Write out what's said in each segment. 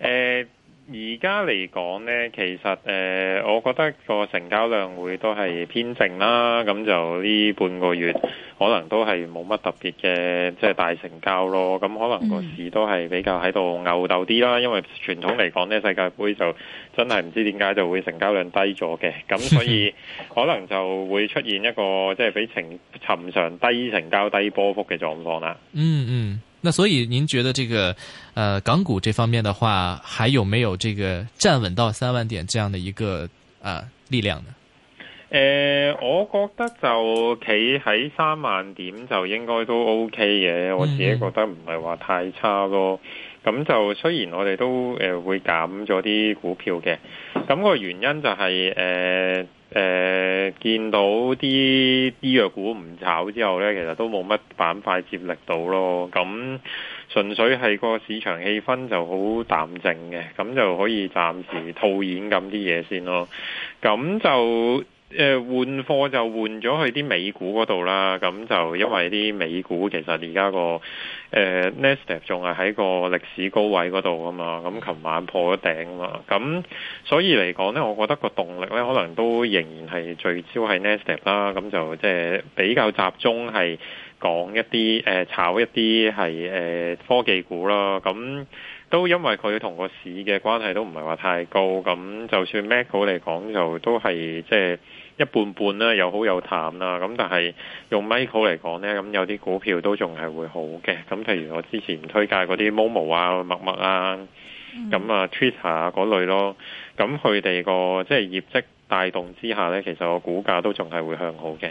誒，而家嚟講呢，其實誒、呃，我覺得個成交量會都係偏靜啦。咁就呢半個月，可能都係冇乜特別嘅，即係大成交咯。咁可能個市都係比較喺度拗斗啲啦。因為傳統嚟講呢，世界杯就真係唔知點解就會成交量低咗嘅。咁所以可能就會出現一個即係比情尋常低成交、低波幅嘅狀況啦。嗯嗯。那所以，您覺得這個，呃，港股這方面的話，還有沒有這個站穩到三萬點這樣的一個啊、呃、力量呢？誒、呃，我覺得就企喺三萬點就應該都 OK 嘅，我自己覺得唔係話太差咯。咁、嗯嗯、就雖然我哋都誒、呃、會減咗啲股票嘅，咁、那個原因就係、是、誒。呃誒、呃、見到啲醫藥股唔炒之後呢，其實都冇乜板塊接力到咯。咁純粹係個市場氣氛就好淡靜嘅，咁就可以暫時套現咁啲嘢先咯。咁就～誒、呃、換貨就換咗去啲美股嗰度啦，咁就因為啲美股其實而家個誒 Nasdaq 仲係喺個歷史高位嗰度啊嘛，咁琴晚破咗頂啊嘛，咁所以嚟講咧，我覺得個動力咧可能都仍然係聚焦喺 Nasdaq 啦，咁就即係比較集中係講一啲誒、呃、炒一啲係誒科技股啦。咁都因為佢同個市嘅關係都唔係話太高，咁就算 Macro 嚟講就都係即係。一半半啦，有好有淡啦。咁但係用 Michael 嚟講呢，咁有啲股票都仲係會好嘅。咁譬如我之前推介嗰啲 Momo 啊、陌陌啊，咁啊 Twitter 啊嗰類咯。咁佢哋個即係業績帶動之下呢，其實個股價都仲係會向好嘅。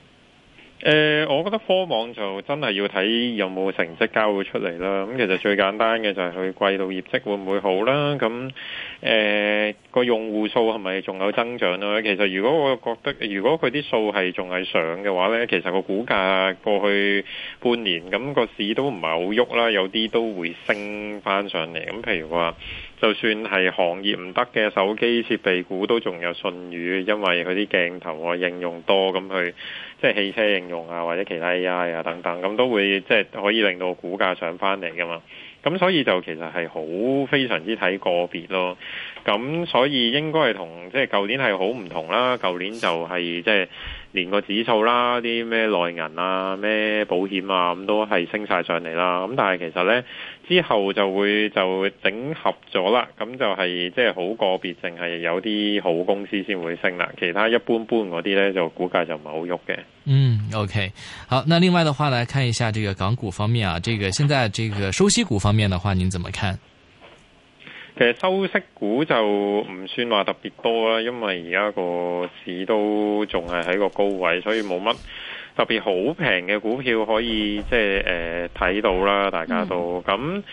誒，我覺得科網就真係要睇有冇成績交會出嚟啦。咁其實最簡單嘅就係佢季度業績會唔會好啦。咁誒個用戶數係咪仲有增長啦？其實如果我覺得如果佢啲數係仲係上嘅話呢，其實個股價過去半年咁個市都唔係好喐啦，有啲都會升翻上嚟。咁譬如話。就算係行業唔得嘅手機設備股都仲有信譽，因為佢啲鏡頭啊應用多，咁佢即係汽車應用啊或者其他 AI 啊等等，咁都會即係可以令到股價上返嚟㗎嘛。咁所以就其實係好非常之睇個別咯，咁所以應該係同即係舊年係好唔同啦。舊年就係即係連個指數啦，啲咩內銀啊、咩保險啊咁都係升晒上嚟啦。咁但係其實呢之後就會就整合咗啦，咁就係即係好個別，淨係有啲好公司先會升啦，其他一般般嗰啲呢，就估計就唔係好喐嘅。嗯。O、okay. K，好，那另外的話來看一下這個港股方面啊，這個現在這個收息股方面的話，您怎麼看？其實誒，收息股就唔算話特別多啦，因為而家個市都仲係喺個高位，所以冇乜特別好平嘅股票可以即係誒睇到啦，大家都咁誒、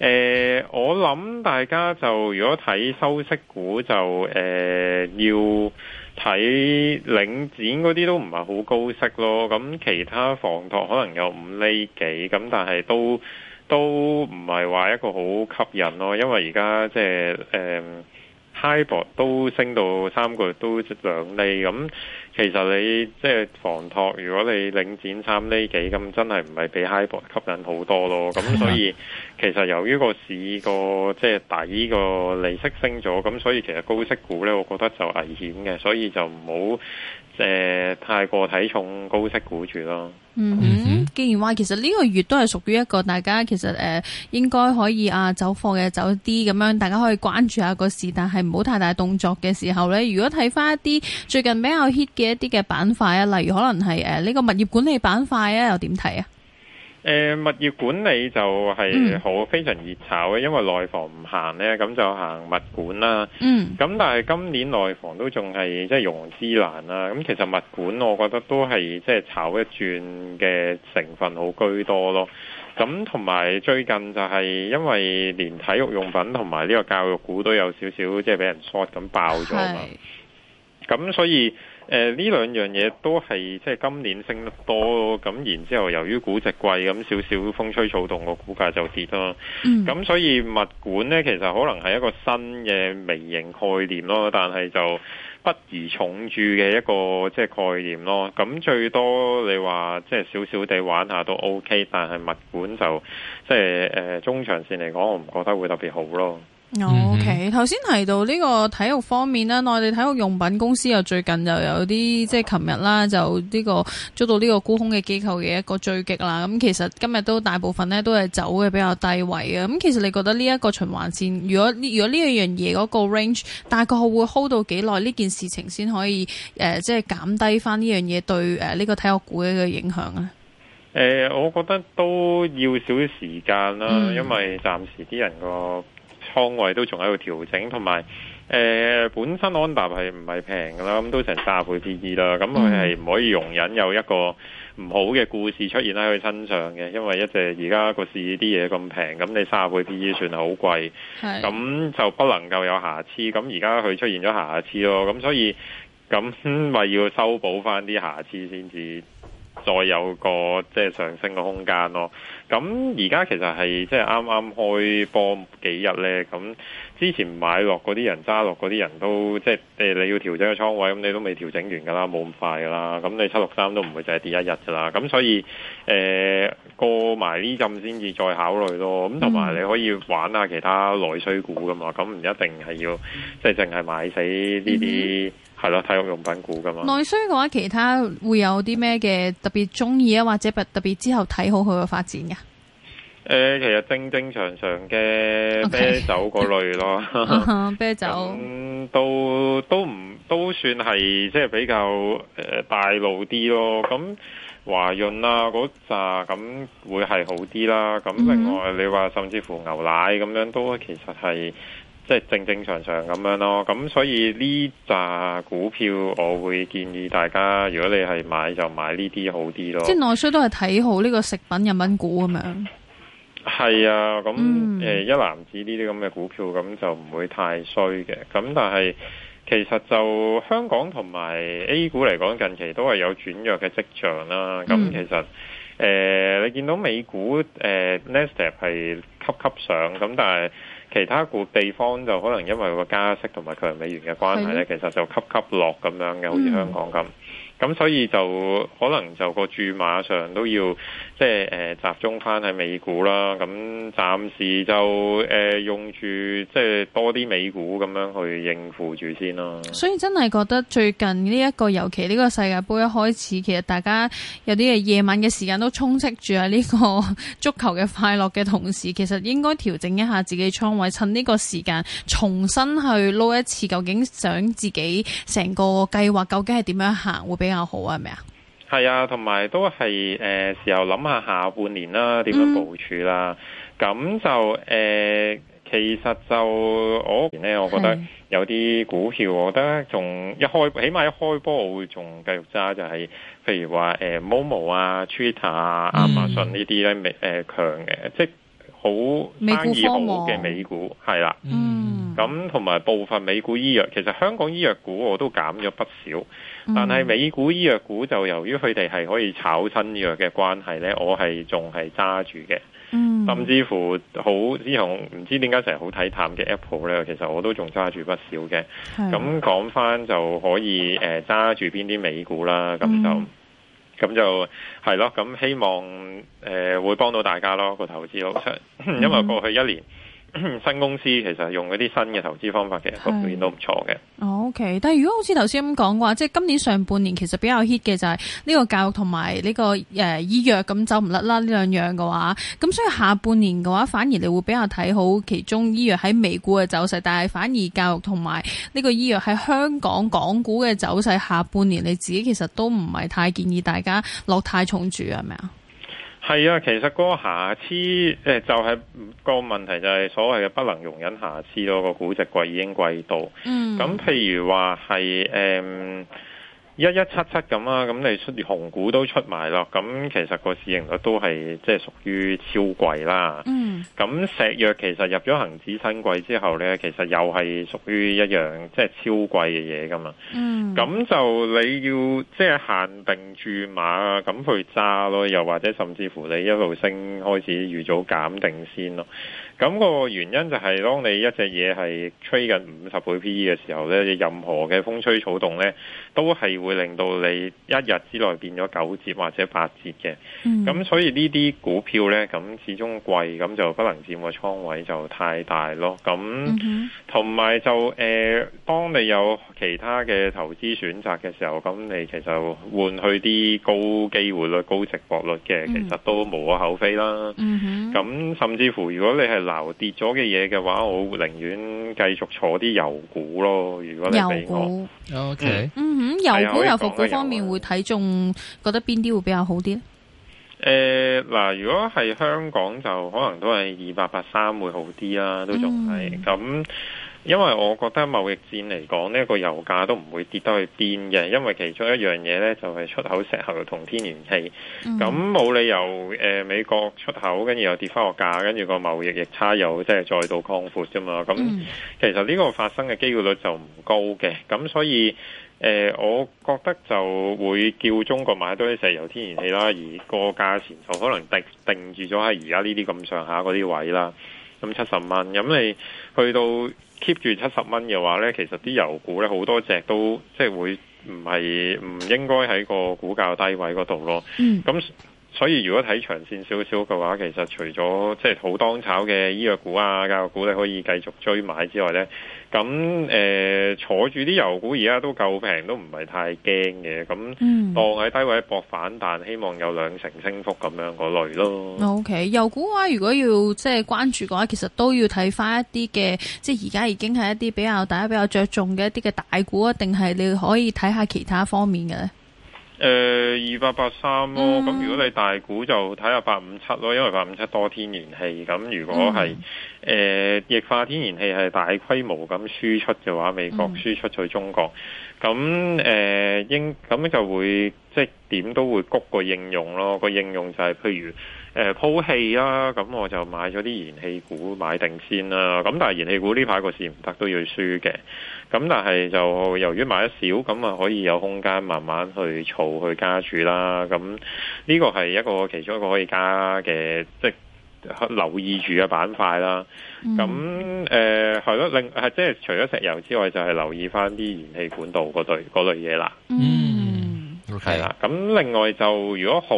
嗯呃，我諗大家就如果睇收息股就誒、呃、要。睇領展嗰啲都唔係好高息咯，咁其他房託可能有五厘幾，咁但係都都唔係話一個好吸引咯，因為而家即係誒。嗯 Hibor 都升到三個月都兩厘咁，其實你即係房託，如果你領展三厘幾咁，真係唔係比 Hibor 吸引好多咯。咁所以其實由於個市個即係底個利息升咗，咁所以其實高息股呢，我覺得就危險嘅，所以就唔好誒太過睇重高息股住咯。嗯、mm。Hmm. 既然話，其實呢個月都係屬於一個大家其實誒、呃，應該可以啊走貨嘅走啲咁樣，大家可以關注下個市，但係唔好太大動作嘅時候呢，如果睇翻一啲最近比較 hit 嘅一啲嘅板塊啊，例如可能係誒呢個物業管理板塊啊，又點睇啊？誒，物業管理就係好非常熱炒嘅，嗯、因為內房唔行咧，咁就行物管啦。嗯。咁但係今年內房都仲係即係融資難啦。咁其實物管我覺得都係即係炒一轉嘅成分好居多咯。咁同埋最近就係因為連體育用品同埋呢個教育股都有少少即係俾人 short 咁爆咗嘛。係。咁所以。誒，呢、呃、兩樣嘢都係即係今年升得多，咁然之後由於估值貴，咁少少風吹草動，個股價就跌咯。咁、嗯、所以物管呢，其實可能係一個新嘅微型概念咯，但係就不宜重注嘅一個即係概念咯。咁最多你話即係少少地玩下都 OK，但係物管就即係誒、呃、中長線嚟講，我唔覺得會特別好咯。Oh, OK，頭先提到呢個體育方面啦。內地體育用品公司又最近又有啲即係琴日啦，就呢個捉到呢個沽空嘅機構嘅一個追擊啦。咁其實今日都大部分呢都係走嘅比較低位嘅。咁其實你覺得呢一個循環綫，如果如果呢樣嘢嗰個 range 大概會 hold 到幾耐？呢件事情先可以誒，即、呃、係、就是、減低翻呢樣嘢對誒呢個體育股嘅一個影響咧？誒、呃，我覺得都要少啲時間啦，嗯、因為暫時啲人個。倉位都仲喺度調整，同埋誒本身安踏係唔係平㗎啦？咁都成三十倍 P E 啦，咁佢係唔可以容忍有一個唔好嘅故事出現喺佢身上嘅，因為一隻而家個市啲嘢咁平，咁你三十倍 P E 算係好貴，咁是就不能夠有瑕疵。咁而家佢出現咗瑕疵咯，咁所以咁咪、嗯、 要修補翻啲瑕疵先至。再有個即係上升嘅空間咯。咁而家其實係即係啱啱開波幾日呢。咁之前買落嗰啲人揸落嗰啲人都即係、呃、你要調整個倉位，咁你都未調整完㗎啦，冇咁快㗎啦。咁你七六三都唔會淨係跌一日㗎啦。咁所以誒、呃、過埋呢陣先至再考慮咯。咁同埋你可以玩下其他內需股㗎嘛。咁唔一定係要即係淨係買死呢啲。係咯，體育用品股噶嘛。內需嘅話，其他會有啲咩嘅特別中意啊？或者特特別之後睇好佢嘅發展嘅？誒、呃，其實正正常常嘅啤酒嗰類咯，Okay. 嗯、啤酒都都唔都，都算係即係比較誒、呃、大路啲咯。咁華潤啊嗰扎咁會係好啲啦。咁另外、Mm-hmm. 你話甚至乎牛奶咁樣都其實係。即係正正常常咁樣咯，咁所以呢扎股票我會建議大家，如果你係買就買呢啲好啲咯。即係內需都係睇好呢個食品、飲品股咁樣。係啊，咁誒、嗯呃、一籃子呢啲咁嘅股票，咁就唔會太衰嘅。咁但係其實就香港同埋 A 股嚟講，近期都係有轉弱嘅跡象啦。咁、嗯、其實誒、呃、你見到美股誒 Nasdaq 係級級上，咁但係。其他個地方就可能因為個加息同埋強美元嘅關係咧，的其實就急急落咁樣嘅，嗯、好似香港咁。咁所以就可能就個注馬上都要即係誒集中翻喺美股啦。咁、嗯、暫時就誒、呃、用住即係多啲美股咁樣去應付住先咯。所以真係覺得最近呢、這、一個尤其呢個世界杯一開始，其實大家有啲嘅夜晚嘅時間都充斥住啊，呢個 足球嘅快樂嘅同時，其實應該調整一下自己倉位，趁呢個時間重新去撈一次，究竟想自己成個計劃究竟係點樣行會俾？比較好啊係咪啊？係啊，同埋都係誒，時候諗下下半年啦，點樣部署啦。咁、嗯、就誒、呃，其實就我咧，我覺得有啲股票，是我覺得仲一開，起碼一開波我會仲繼續揸、就是，就係譬如話誒、呃、Momo 啊，Twitter 啊、嗯，亞馬遜呢啲咧美誒強嘅，即係好生意好嘅美股係啦、嗯啊。嗯。咁同埋部分美股醫藥，其實香港醫藥股我都減咗不少。但係美股醫藥股就由於佢哋係可以炒新藥嘅關係呢，我係仲係揸住嘅。嗯、甚至乎好之紅，唔知點解成日好睇淡嘅 Apple 呢，其實我都仲揸住不少嘅。咁講返就可以誒揸住邊啲美股啦。咁就咁、嗯、就係咯。咁希望誒、呃、會幫到大家咯，個投資好長，因為過去一年。新公司其實用嗰啲新嘅投資方法，其實各方面都唔錯嘅。OK，但係如果好似頭先咁講嘅話，即係今年上半年其實比較 hit 嘅就係呢個教育同埋呢個誒、呃、醫藥咁走唔甩啦。呢兩樣嘅話，咁所以下半年嘅話，反而你會比較睇好其中醫藥喺美股嘅走勢，但係反而教育同埋呢個醫藥喺香港港股嘅走勢，下半年你自己其實都唔係太建議大家落太重注係咪啊？係啊，其實個瑕疵誒、呃、就係、是、個問題，就係所謂嘅不能容忍瑕疵咯。個估值貴已經貴到，嗯，咁譬如話係誒。一一七七咁啦，咁你出紅股都出埋咯，咁其實個市盈率都係即係屬於超貴啦。嗯，咁石藥其實入咗恒指新貴之後呢，其實又係屬於一樣即係、就是、超貴嘅嘢噶嘛。嗯，咁就你要即係、就是、限定注碼啊，咁去揸咯，又或者甚至乎你一路升開始預早減定先咯。咁個原因就係，當你一隻嘢係吹緊五十倍 P/E 嘅時候咧，你任何嘅風吹草動咧，都係會令到你一日之內變咗九折或者八折嘅。咁、mm hmm. 所以呢啲股票咧，咁始終貴，咁就不能佔個倉位就太大咯。咁同埋就誒、呃，當你有其他嘅投資選擇嘅時候，咁你其實換去啲高機會率、高值博率嘅，mm hmm. 其實都無可厚非啦。Mm hmm. 咁、嗯、甚至乎，如果你係留跌咗嘅嘢嘅話，我寧願繼續坐啲油股咯。如果你俾我油股，OK，嗯哼，油股、啊、油服股方面會睇中，覺得邊啲會比較好啲誒，嗱、嗯，如果係香港就可能都係二八八三會好啲啦，都仲係咁。因為我覺得貿易戰嚟講，呢、這個油價都唔會跌得去邊嘅，因為其中一樣嘢呢，就係、是、出口石油同天然氣，咁冇理由誒、呃、美國出口跟住又跌翻個價，跟住個貿易逆差又即係再度擴闊啫嘛。咁其實呢個發生嘅機會率就唔高嘅，咁所以誒、呃，我覺得就會叫中國買多啲石油、天然氣啦，而個價錢就可能定定住咗喺而家呢啲咁上下嗰啲位啦，咁七十蚊，咁你去到。keep 住七十蚊嘅話，咧，其實啲油股咧好多隻都即係會唔係唔應該喺個股價低位嗰度咯。嗯，咁。所以如果睇長線少少嘅話，其實除咗即係好當炒嘅醫藥股啊、教育股，你可以繼續追買之外呢，咁誒、呃、坐住啲油股而家都夠平，都唔係太驚嘅。咁、嗯、當喺低位博反彈，希望有兩成升幅咁樣嗰類咯。O、okay, K，油股嘅話，如果要即係關注嘅話，其實都要睇返一啲嘅，即係而家已經係一啲比較大家比較着重嘅一啲嘅大股啊，定係你可以睇下其他方面嘅呢？誒二八八三咯，咁、uh, 如果你大股就睇下八五七咯，因為八五七多天然氣。咁如果係誒、uh, 呃、液化天然氣係大規模咁輸出嘅話，美國輸出去中國。Uh, 咁誒、呃、應咁就會即點都會谷個應用咯，個應用就係、是、譬如誒、呃、鋪氣啦，咁我就買咗啲燃氣股買定先啦。咁但係燃氣股呢排個市唔得都要輸嘅。咁但係就由於買得少，咁啊可以有空間慢慢去儲去加注啦。咁呢個係一個其中一個可以加嘅即。留意住嘅板塊啦，咁誒係咯，另係即係除咗石油之外，就係留意翻啲燃氣管道嗰對類嘢啦。嗯，係啦。咁另外就如果好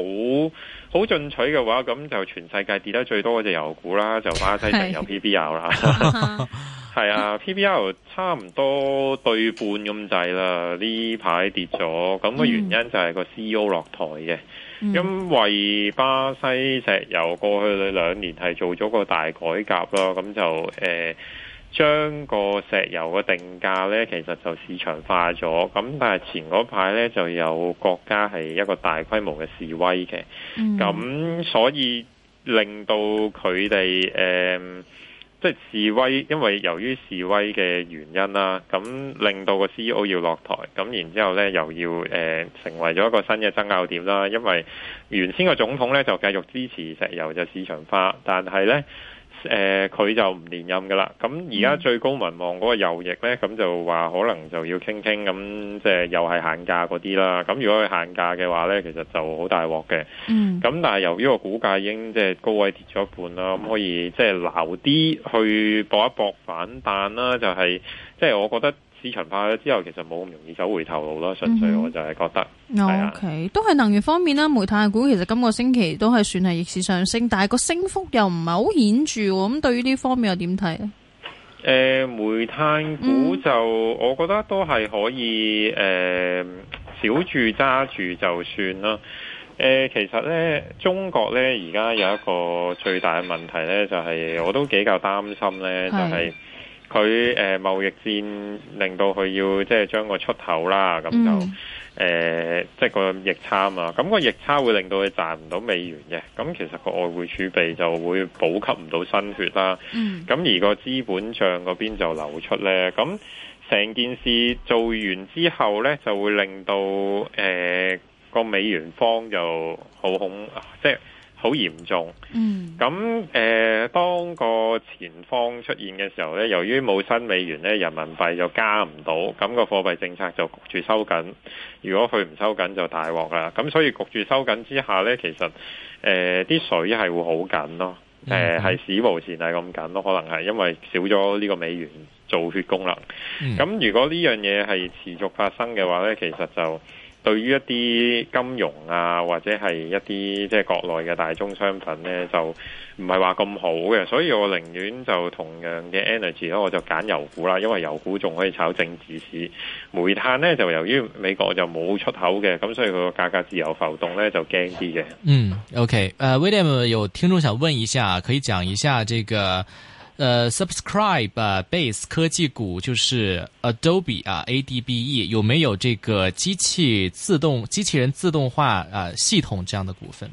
好進取嘅話，咁就全世界跌得最多嗰隻油股啦，就巴西石油 PBR 啦。係 啊，PBR 差唔多對半咁滯啦，呢排跌咗。咁、那、嘅、個、原因就係個 C E O 落台嘅。嗯、因為巴西石油過去兩年係做咗個大改革咯，咁就誒、呃、將個石油嘅定價呢，其實就市場化咗。咁但係前嗰排呢，就有國家係一個大規模嘅示威嘅，咁、嗯、所以令到佢哋誒。呃即係示威，因為由於示威嘅原因啦，咁令到個 CEO 要落台，咁然之後咧又要誒、呃、成為咗一個新嘅爭拗點啦，因為原先個總統咧就繼續支持石油就市場化，但係咧。誒佢、呃、就唔連任嘅啦，咁而家最高民望嗰個右翼呢，咁就話可能就要傾傾，咁即係又係限價嗰啲啦。咁如果佢限價嘅話呢，其實就好大鑊嘅。嗯，咁但係由於個股價已經即係高位跌咗一半啦，咁可以即係留啲去搏一搏，反彈啦，就係即係我覺得。市場化咗之後，其實冇咁容易走回頭路咯，純粹我就係覺得。嗯、o、okay. K，是都係能源方面啦，煤炭股其實今個星期都係算係逆市上升，但係個升幅又唔係好顯著。咁對於呢方面又點睇？誒、呃，煤炭股就、嗯、我覺得都係可以，誒、呃，少注揸住就算啦。誒、呃，其實呢，中國呢而家有一個最大嘅問題呢、就是，就係我都比較擔心呢、就是，就係。佢誒、呃、貿易戰令到佢要即係將個出口啦，咁就誒、嗯呃、即係個逆差啊，咁個逆差會令到佢賺唔到美元嘅，咁其實個外匯儲備就會補給唔到新血啦。咁、嗯、而個資本帳嗰邊就流出咧，咁成件事做完之後咧，就會令到誒、呃、個美元方就好恐即係。好嚴重，咁誒、呃、當個前方出現嘅時候咧，由於冇新美元咧，人民幣就加唔到，咁、那個貨幣政策就焗住收緊。如果佢唔收緊就大鑊啦，咁所以焗住收緊之下咧，其實誒啲、呃、水係會好緊咯，誒、呃、係史無前例咁緊咯，可能係因為少咗呢個美元造血功能。咁、嗯、如果呢樣嘢係持續發生嘅話咧，其實就～對於一啲金融啊，或者係一啲即係國內嘅大宗商品呢，就唔係話咁好嘅，所以我寧願就同樣嘅 energy 咧，我就揀油股啦，因為油股仲可以炒政治市，煤炭呢就由於美國就冇出口嘅，咁所以佢個價格自由浮動呢，就驚啲嘅。嗯，OK，誒，uh，William 有聽眾想問一下，可以講一下這個。誒、uh,subscribe uh, base 科技股就是 Adobe 啊，A D B E，有沒有這個機器自動、機器人自動化啊、uh, 系統這樣的股份？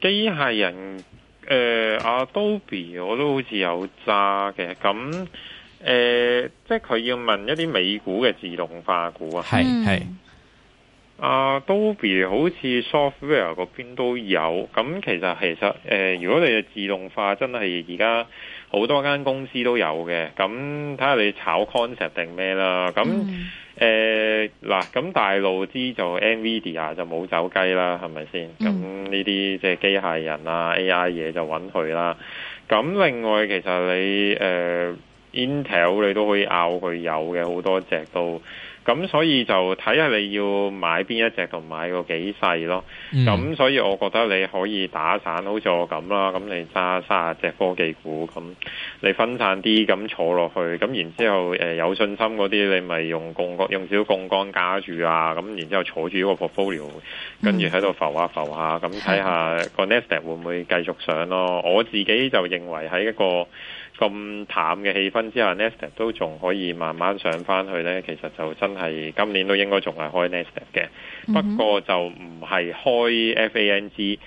機械人誒、呃，Adobe 我都好似有揸嘅，咁誒、呃，即係佢要問一啲美股嘅自動化股啊，係係。啊，Adobe 好似 software 嗰邊都有，咁其實其實誒，如果你嘅自動化真係而家。好多間公司都有嘅，咁睇下你炒 concept 定咩啦。咁誒嗱，咁大路知就 NVIDIA 就冇走雞啦，係咪先？咁呢啲即係機械人啊、AI 嘢就揾佢啦。咁另外其實你誒 Intel 你都可以拗佢有嘅，好多隻都。咁所以就睇下你要買邊一隻同買個幾細咯。咁、嗯、所以我覺得你可以打散好似我咁啦，咁你揸卅隻科技股，咁你分散啲，咁坐落去，咁然之後誒、呃、有信心嗰啲，你咪用槓桿用少槓桿加住啊。咁然之後坐住個 portfolio，跟住喺度浮，一浮，一浮一下浮下，咁睇下個 NASDAQ 會唔會繼續上咯。我自己就認為喺一個。咁淡嘅氣氛之下，Nasdaq 都仲可以慢慢上翻去呢。其實就真係今年都應該仲係開 Nasdaq 嘅，mm hmm. 不過就唔係開 FANG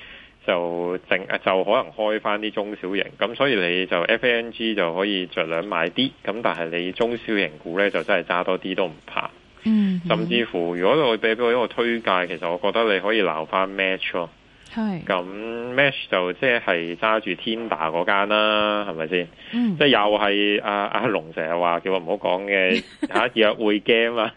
就淨就可能開翻啲中小型。咁所以你就 FANG 就可以儘量買啲，咁但係你中小型股呢，就真係揸多啲都唔怕。嗯、mm，hmm. 甚至乎如果我俾俾我一個推介，其實我覺得你可以撈翻 m a t c h 咯。係咁、嗯嗯、Match 就，嗯、即係揸住 Tinder 嗰間啦，係咪先？即係又係阿阿龍成日話叫我唔好講嘅啊約會 game 啊，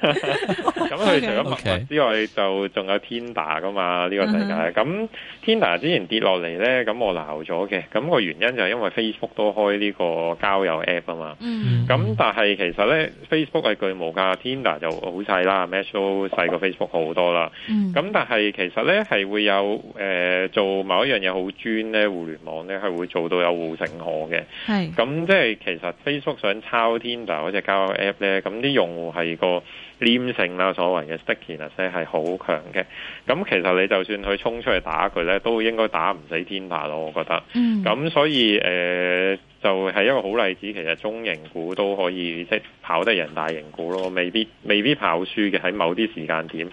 咁佢，啊、 除咗陌陌之外， 就仲有 Tinder 噶嘛呢，這個世界。咁，嗯、哼 Tinder 之前跌落嚟咧，咁我鬧咗嘅。咁，那個原因就係因為 Facebook 都開呢個交友 app 啊嘛。咁，嗯、但係其實咧 Facebook 係巨無價，Tinder 就好細啦 Match 都細過 Facebook 好多啦。咁但係其實咧係會有。誒、呃、做某一樣嘢好專咧，互聯網咧係會做到有護城河嘅。係是，咁即係其實 Facebook 想抄 Tinder 嗰隻交友 App 咧，咁啲用戶係個黏性啦，所謂嘅 stickiness 係好強嘅。咁其實你就算去衝出去打佢咧，都應該打唔死 Tinder 咯，我覺得。嗯。咁所以誒。呃就係一個好例子，其實中型股都可以即係跑得贏大型股咯，未必未必跑輸嘅，喺某啲時間點。咁、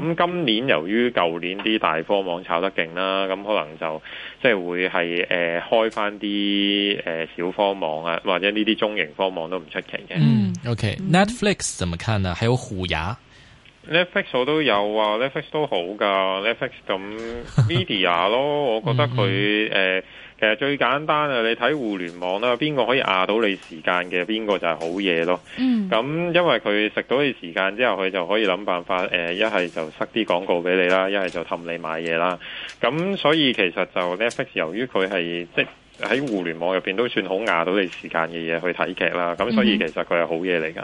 嗯、今年由於舊年啲大科網炒得勁啦，咁可能就即係會係誒、呃、開翻啲誒小科網啊，或者呢啲中型科網都唔出奇嘅。嗯，OK，Netflix、okay。怎麼看呢？還有虎牙。Netflix 都有啊，Netflix 都好噶、啊、Netflix 咁 media 咯， 我覺得佢誒、呃、其實最簡單啊，你睇互聯網啦、啊，邊個可以壓到你時間嘅，邊個就係好嘢咯。咁、嗯嗯、因為佢食到你時間之後，佢就可以諗辦法誒，一、呃、係就塞啲廣告俾你啦，一係就氹你買嘢啦。咁、嗯、所以其實就 Netflix 由於佢係即係喺互聯網入邊都算好壓到你時間嘅嘢去睇劇啦。咁、嗯嗯、所以其實佢係好嘢嚟噶。